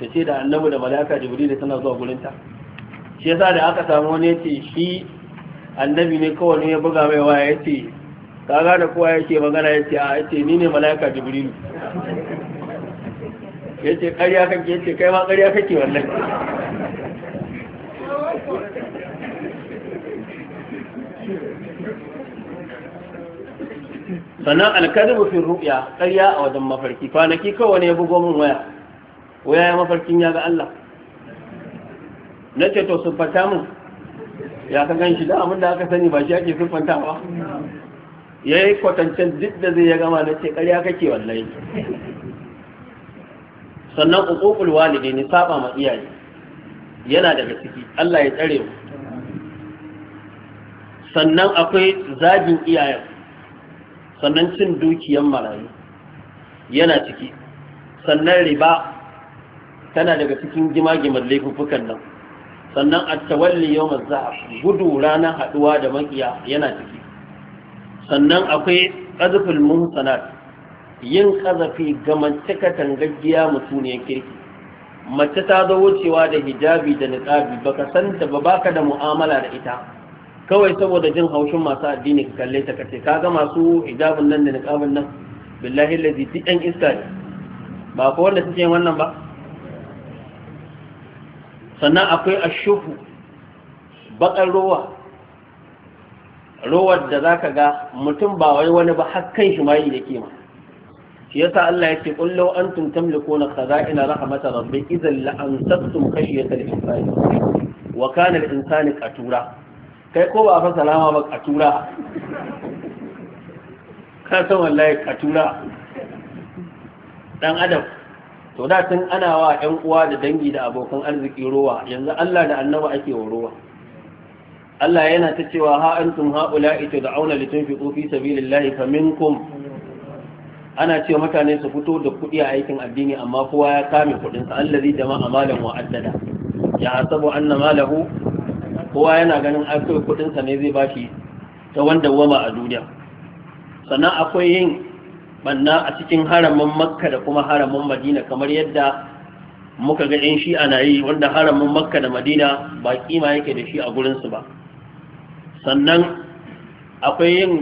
ta ce da Annabu da malaka da tana zuwa gurinta shi yasa da aka samu wani yace shi annabi ne kawai ya buga mai waya yace ka gane kowa yake magana yace a yace ni ne malaka jibril yace ƙarya kake yace kai ma ƙarya kake wallahi sannan alkadibu fi ru'ya ƙarya a wajen mafarki kwanaki kawai ne ya bugo min waya waya ya mafarkin ya ga Allah na ce to sun fata min ya ka gan shi da abin da aka sani ba shi ake sun ba? ya yi kwatancin duk da zai ya gama na ce ƙarya kake wallai sannan ƙuƙuƙul walide ne saba ma iyaye yana daga ciki Allah ya tsare mu sannan akwai zagin iyayen sannan cin dukiyan marayu yana ciki sannan riba tana daga cikin gima gimar laifukan nan sannan a tawalli yau gudu ranar haduwa da makiya yana ciki sannan akwai ƙazafin muhsanat yin ƙazafi ga mace katangaggiya mutuniyar kirki mace ta zo wucewa da hijabi da niqabi baka san ta ba baka da mu'amala da ita kawai saboda jin haushin masu addini ka kalle ta kace ga masu hijabin nan da niqabin nan billahi allazi duk ɗan iska ne ba ko wanda suke wannan ba sannan akwai ashufu bakar rowa rowar da zaka ga mutum ba wai wani ba kan shi mai da kima shi yasa Allah yake kullu antum tamlikuna khaza'ina rahmatar rabbi idan la'antum ansabtum khashyatal insani wa kana al-insani qatura kai ko ba a fasa lama ba a tura ka wallahi a tura dan adam to da tun ana wa ƴan uwa da dangi da abokan arziki rowa yanzu Allah da annaba ake wa ruwa Allah yana ta cewa ha antum haula auna litunfiqu fi sabilillahi faminkum ana ce mutane su fito da kuɗi a aikin addini amma kowa ya kame kuɗin sa allazi da malan wa'addada ya hasabu anna malahu kowa yana ganin an kai kudinsa ne zai bashi ta wanda wama a duniya sannan akwai yin banna a cikin haramin makka da kuma haramin madina kamar yadda muka ga yan shi ana yi wanda haramin makka da madina ba kima yake da shi a gurinsu ba sannan akwai yin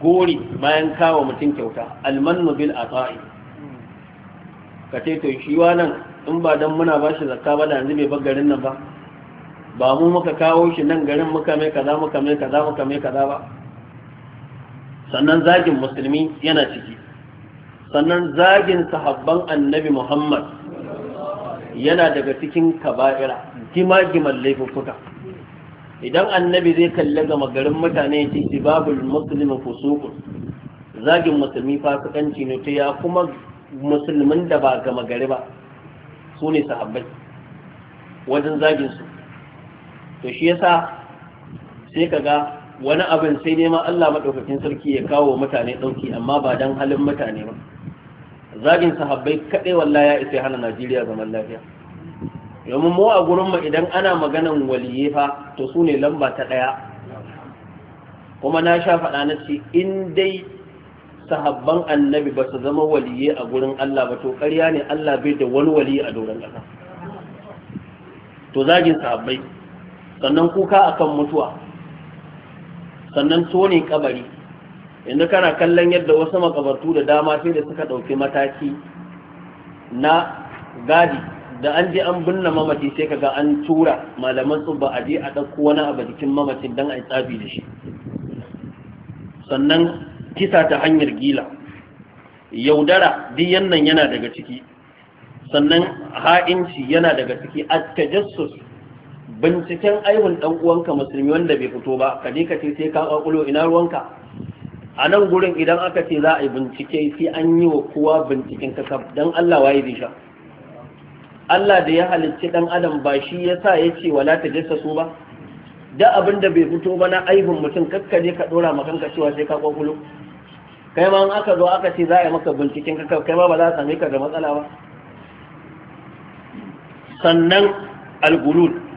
gori bayan kawo mutum kyauta almanu bil ata'i ka ce to shi nan in ba dan muna bashi zakka ba da yanzu bai bar garin nan ba ba mu muka kawo shi nan garin muka mai kaza muka mai kaza muka mai kaza ba sannan zagin musulmi yana ciki sannan zagin sahabban annabi muhammad yana daga cikin kaba'ira gima-giman laifuffuka idan annabi zai kalli ga garin mutane ce sibabul musulmi fusukun zagin musulmi fasikanci ne ta ya kuma musulmin da ba gama gari ba su ne sahabbai wajen zaginsu to shi yasa sai ka ga wani abin sai nema Allah madaukakin sarki ya kawo mutane dauki amma ba dan halin mutane ba zagin sahabbai kadai wallahi ya isa hana Najeriya zaman lafiya domin mu a gurin mu idan ana maganan waliye fa to su lamba ta daya kuma na sha faɗa na ce in dai sahabban annabi ba su zama waliye a gurin Allah ba to ƙarya ne Allah bai da wani waliye a doron ƙasa to zagin sahabbai sannan kuka akan mutuwa sannan tone kabari ina kana kallon yadda wasu makabartu da dama sai da suka ɗauki mataki na gadi da an je an binne mamaci sai kaga an tura malaman tsubba a je a ɗauko wani abu jikin mamacin don a yi tsabi da shi sannan kisa ta hanyar gila yaudara duk yannan yana daga ciki sannan ha'inci yana daga ciki a tajassus binciken aihun dan uwanka musulmi wanda bai fito ba ka je ka ce sai ka kwakulo ina ruwanka a nan gurin idan aka ce za a yi bincike sai an yi wa kowa binciken ka dan Allah waye zai sha Allah da ya halicci dan adam ba shi yasa ya ce wala ta su ba da abin da bai fito ba na aibin mutum kakka je ka dora ma kanka cewa sai ka kwakulo kai ma aka zo aka ce za a yi maka binciken ka kai ma ba za a same ka da matsala ba sannan algulul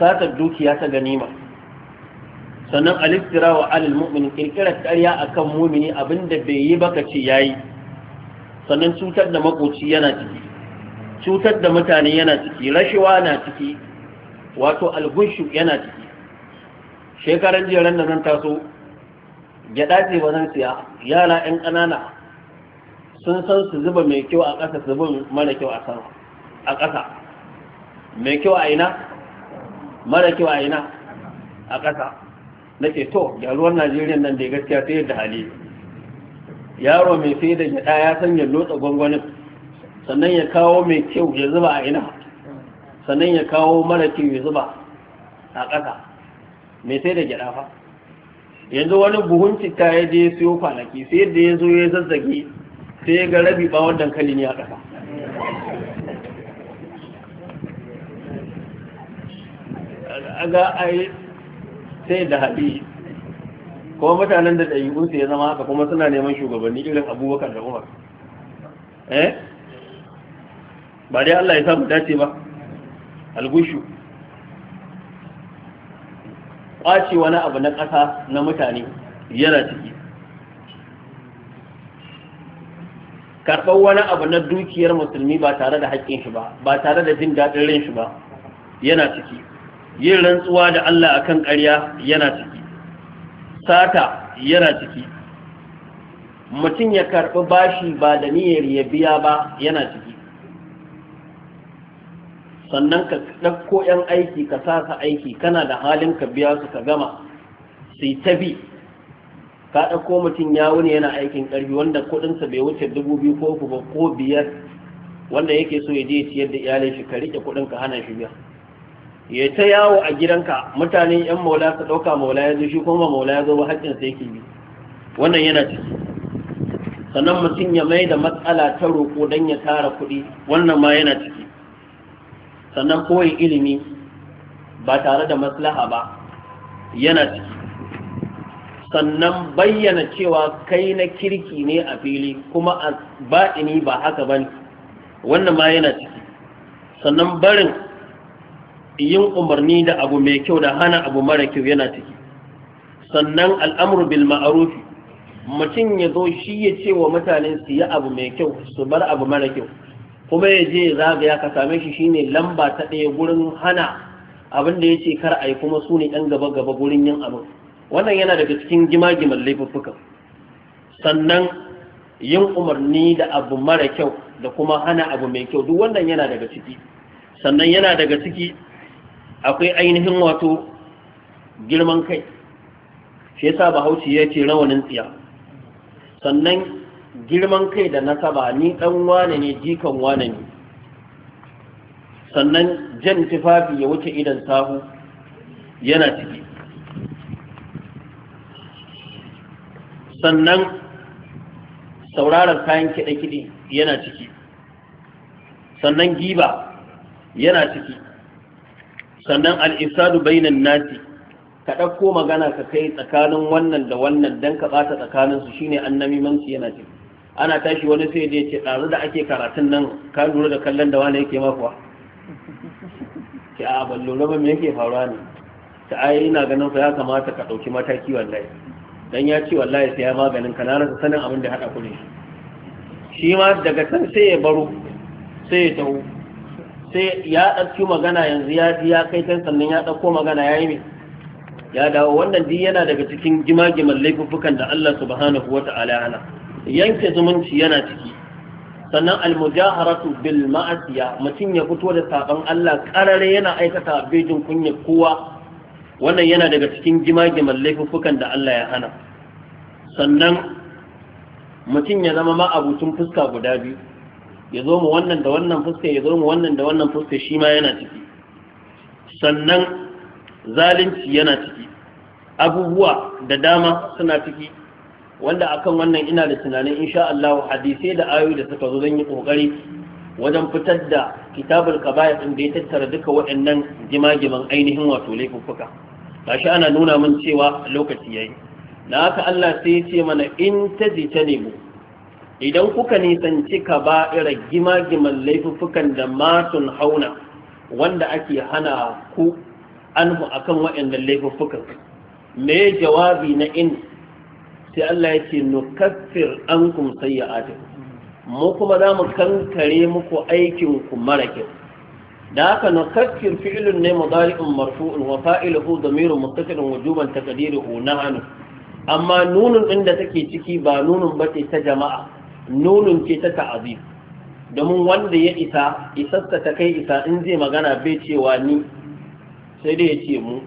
satar dukiya ta ganima sannan aliftira wa alil mu'mini kirkirar ƙarya akan mumini abinda bai yi baka ce yayi sannan cutar da makoci yana ciki cutar da mutane yana ciki rashuwa na ciki wato algunshu yana ciki shekaran jiran da nan taso gyada ce ba zan siya yara yan ƙanana sun san su zuba mai kyau a ƙasa su zuba mara kyau a a ƙasa mai kyau a ina mara kyau a ina a ƙasa na ce to gyaruwar najeriya nan da gaskiya sai yadda hali yaro mai sai da gyaɗa ya san ya lotsa gwangwanin sannan ya kawo mai kyau ya zuba a ina sannan ya kawo mara kyau ya zuba a ƙasa mai sai da gyaɗa fa yanzu wani buhun citta ya je siyo kwanaki sai da ya zo ya zazzage sai ya ga rabi bawon dankali ne a ƙasa aga ai sai da haɗi kuma mutanen da ɗabi'unsu ya zama haka kuma suna neman shugabanni irin abubakar da umar eh ba dai Allah ya samu dace ba algushu ƙwace wani abu na ƙasa na mutane yana ciki karɓar wani abu na dukiyar musulmi ba tare da haƙƙin shi ba ba tare da jin daɗin ran shi ba yana ciki yin rantsuwa da Allah akan ƙarya yana ciki sata yana ciki mutum ya karɓi bashi ba da niyyar ya biya ba yana ciki sannan ka ɗauko 'yan aiki ka sa su aiki kana da halin ka biya su ka gama su yi ta bi ka ɗauko mutum ya wuni yana aikin ƙarfi wanda kuɗinsa bai wuce dubu biyu ko ko biyar wanda yake so ya je ciyar da iyalai shi ka riƙe kuɗin ka hana shi biya ya ta yawo a gidanka mutane yan maula ka ɗauka maula ya zo shi kuma maula ya zo ba haƙƙin sai ke yi, wannan yana ciki sannan mutum ya mai da matsala ta roƙo don ya tara kuɗi wannan ma yana ciki sannan koyi ilimi ba tare da maslaha ba yana ciki sannan bayyana cewa kai na kirki ne a fili kuma a ba'ini ba haka ba ne wannan ma yana ciki sannan barin yin umarni da abu mai kyau da hana abu mara kyau yana ciki sannan al’amur bil ma'arufi mutum ya zo shi ya ce wa mutane su yi abu mai kyau su bar abu mara kyau kuma ya je zagaya ka same shi shine lamba ta ɗaya gurin hana abin da ya ce kar a yi kuma su ne ɗan gaba gaba gurin yin abin wannan yana daga cikin gima-giman laifuffukan sannan yin umarni da abu mara kyau da kuma hana abu mai kyau duk wannan yana daga ciki sannan yana daga ciki akwai ainihin wato girman kai shi yasa bahaushe ya ce rawanin tsiya sannan girman kai da na saba, ni dan wane ne jikan wane ne sannan jan tufafi ya wuce idan sahu yana ciki sannan sauraron kayan kiɗe-kiɗe yana ciki sannan giba yana ciki sannan al-ifsadu bainan nati. ka ɗauko magana ka kai tsakanin wannan da wannan don ka ɓata tsakanin su shine annabimanci yana ce ana tashi wani sai da ce ɗazu da ake karatun nan ka lura da kallon da wani yake makuwa ke a ban lura ba me yake faruwa ne ta ai ina ganin fa ya kamata ka ɗauki mataki wallahi dan ya ce wallahi sai ya maganin ka na sanin abin da ya haɗa kuɗi. shi ma daga can sai ya baro sai ya taho sai ya ɗauki magana yanzu ya ji ya kai ta sannan ya ɗauko magana ya yi mai ya dawo wannan duk yana daga cikin gima laifuffukan da Allah subhanahu wa ta'ala hana yanke zumunci yana ciki sannan almujaharatu bil ma'asiya mutum ya fito da saban Allah karare yana aikata bejin kunya kowa wannan yana daga cikin gima laifuffukan da Allah ya hana sannan mutum ya zama ma'abucin fuska guda biyu ya zo mu wannan da wannan fuska ya zo mu wannan da wannan fuska shi ma yana ciki sannan zalunci yana ciki abubuwa da dama suna ciki wanda akan wannan ina da tunanin insha Allah hadisi da ayoyi da suka zo zan yi kokari wajen fitar da kitabul kabaya din da ya tattara duka waɗannan jimagiman ainihin wato laifuffuka gashi ana nuna min cewa lokaci yayi Na haka Allah sai ya ce mana in mu idan kuka nisanci ka ira gima-giman laifuffukan da matun hauna wanda ake hana ku anhu akan waɗannan laifuffukan me jawabi na in sai Allah ya ce nukaffir ankum sayyi'atikum mu kuma za mu kankare muku aikin ku mara kyau da haka nukaffir fi'ilun ne mudari'un marfu'un wa fa'iluhu damirun muttasilun wujuban taqdiruhu hannu. amma nunun din da take ciki ba nunun bace ta jama'a nunun ce ta ta'azim domin wanda ya isa isarsa ta kai isa in zai magana bai cewa ni sai dai ya ce mu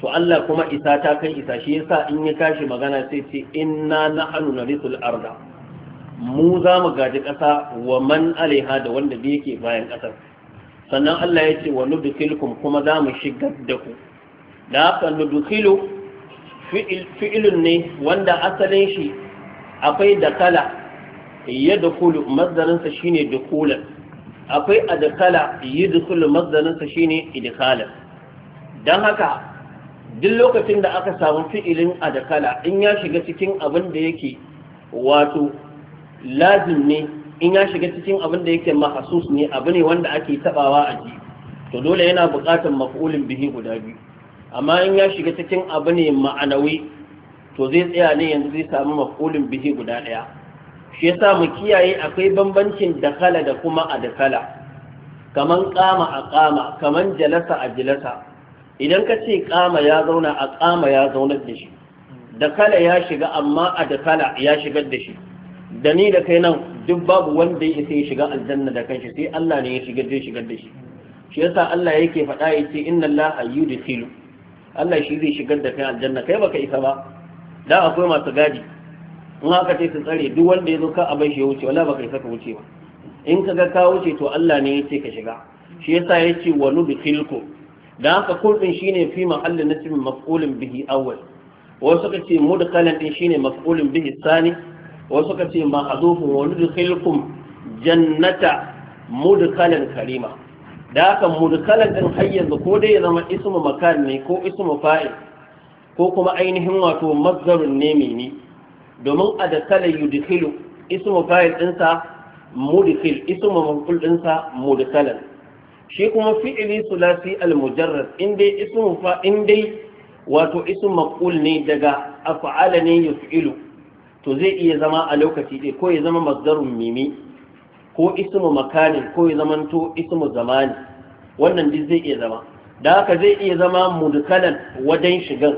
to Allah kuma isa ta kai isa shi yasa in ya tashi magana sai ce inna nahnu narisul arda mu za mu gaji ƙasa wa man alaiha da wanda da yake bayan ƙasar sannan Allah ya ce wa nudkhilkum kuma za mu shigar da ku da haka nudkhilu fi'ilun ne wanda asalin shi akwai dakala yadkhulu masdarin sa shine dukulan akwai adkhala yadkhulu masdarin sa shine idikalar Don haka duk lokacin da aka samu fi'ilin adkhala in ya shiga cikin abin da yake wato lazim ne in ya shiga cikin abin da yake mahasus ne abu ne wanda ake tabawa a ji to dole yana buƙatar maf'ulin bihi guda biyu amma in ya shiga cikin abu ne ma'anawi to zai tsaya ne yanzu zai samu maf'ulin bihi guda ɗaya shi yasa mu kiyaye akwai bambancin dakala da kuma a dakala kaman kama a kama kaman jalasa a jalasa idan ka ce kama ya zauna a kama ya zaunar da shi dakala ya shiga amma a dakala ya shigar da shi da ni da kai nan duk babu wanda ya isa ya shiga aljanna da kanshi sai Allah ne ya shigar da shigar da shi shi yasa Allah yake faɗa yace inna Allah yudkhilu Allah shi zai shigar da kai aljanna kai baka isa ba da akwai masu gadi in haka ce su tsare duk wanda ya zo ka bai shi ya wuce wala ba kai saka wuce ba in ka ga ka wuce to Allah ne ya ce ka shiga shi yasa ya ce wa nudkhilku dan haka kurbin shine fi mahallin cikin maf'ulun bihi awwal wa suka ce mudkhalan din shine maf'ulun bihi sani wa suka ce ma'zufun wa nudkhilkum jannata mudkhalan karima da haka mudkhalan din har yanzu ko dai ya zama ismu makan ne ko ismu fa'il ko kuma ainihin wato mazharun ne ne domin a da kala yudkhilu ismu fa'il dinsa mudkhil ismu mafi dinsa mudkhalan shi kuma fi'ili sulasi al-mujarrad inda ismu fa indai wato ismu maf'ul ne daga af'ala ne yuf'ilu to zai iya zama a lokaci dai ko ya zama masdarun mimi ko ismu makanin ko ya zama to ismu zamani wannan duk zai iya zama da haka zai iya zama mudkalan wajen shigan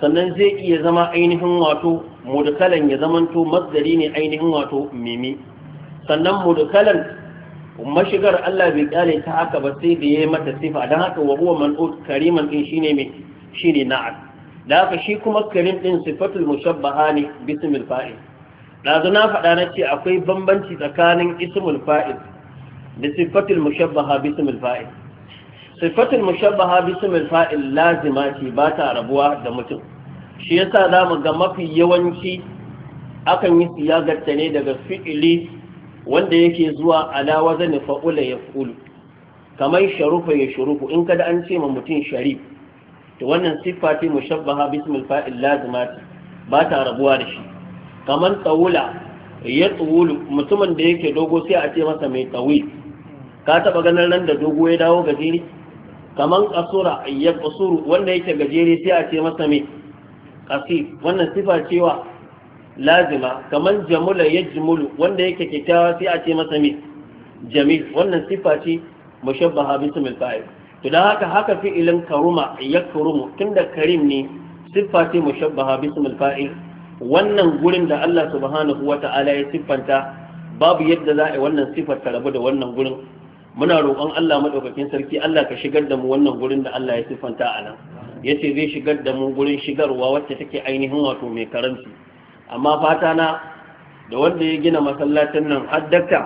sannan zai iya zama ainihin wato mudkalan ya zamanto mazdari ne ainihin wato mimi sannan mudkalan mashigar Allah bai kyale ta haka ba sai da yayi mata sifa dan haka wa huwa man'ut kariman din shine me shine na'at da haka shi kuma karim din sifatul mushabbaha ne bismil fa'il dazu na faɗa na ce akwai bambanci tsakanin ismul fa'il da sifatul mushabbaha bismil fa'il Sifatin mushabbaha bismil fa'il lazima ce ba ta rabuwa da mutum shi yasa mu ga mafi yawanci akan yi ta ne daga fi'ili wanda yake zuwa ala wazani fa'ula yaf'ulu kamar sharufa ya shurufu in kada an ce ma mutum sharif to wannan siffa ce mushabbaha bismil fa'il lazima ce ba ta rabuwa da shi kamar tsawula ya tsawulu mutumin da yake dogo sai a ce masa mai tsawi ka taba ganin nan da dogo ya dawo gajeri kaman kasura ya kasuru wanda yake gajere sai a ce masa me kasi wannan sifa cewa lazima kaman jamula ya jumulu wanda yake kyakkyawa sai a ce masa me jamil wannan sifa ce mushabbaha bismil fa'il to dan haka haka fi'ilin karuma ya karumu tunda karim ne sifa ce mushabbaha bismil fa'il wannan gurin da Allah subhanahu wata'ala ya siffanta babu yadda za a yi wannan siffar ta rabu da wannan gurin muna roƙon Allah maɗaukakin sarki Allah ka shigar da mu wannan gurin da Allah ya siffanta a nan Ya ce zai shigar da mu gurin shigarwa wacce take ainihin wato mai karanci amma fata na da wanda ya gina masallacin nan har dakta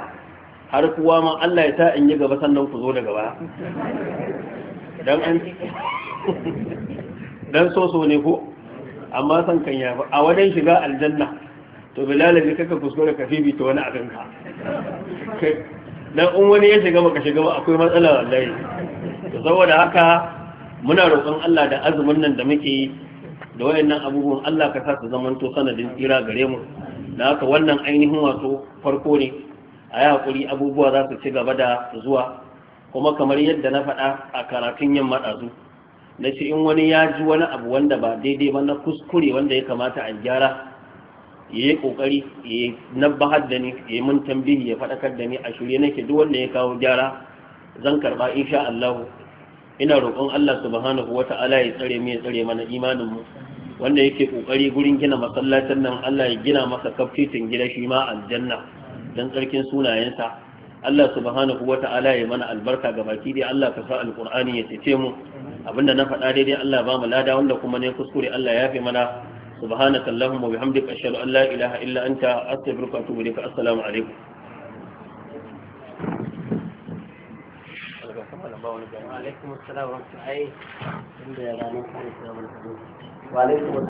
har kuwa ma Allah ya sa in yi gaba sannan ku zo daga baya dan an dan so so ne ko amma san kan ya a wajen shiga aljanna to bilalabi kaka kuskure ka fifi wani abin ka dan in wani ya shiga maka shiga ba akwai matsala wallahi saboda haka muna roƙon Allah da azumin nan da muke da wayannan abubuwan Allah ka sa su zamanto sanadin tsira gare mu da haka wannan ainihin wato farko ne a yi hakuri abubuwa za su ci gaba da zuwa kuma kamar yadda na faɗa a karatun yamma matsazu na ce in wani ya ji wani abu wanda ba daidai ba na kuskure wanda ya kamata a gyara ya yi ƙoƙari ya nabbahar da ni ya mun tambihi ya faɗakar da ni a shirye nake duk wanda ya kawo gyara zan karba insha Allah ina roƙon Allah subhanahu wata'ala ya tsare mu ya tsare mana imanin mu wanda yake ƙoƙari gurin gina masallacin nan Allah ya gina masa kaftitin gida shi ma aljanna dan tsarkin sunayensa Allah subhanahu wata'ala ya mana albarka ga baki dai Allah ka sa alqur'ani ya cece mu abinda na faɗa daidai Allah ba mu lada wanda kuma ne kuskure Allah ya fi mana subhanaka allahumma wa bihamdika ashhadu an la ilaha illa anta astaghfiruka wa atubu ilaik وعليكم السلام ورحمة الله وبركاته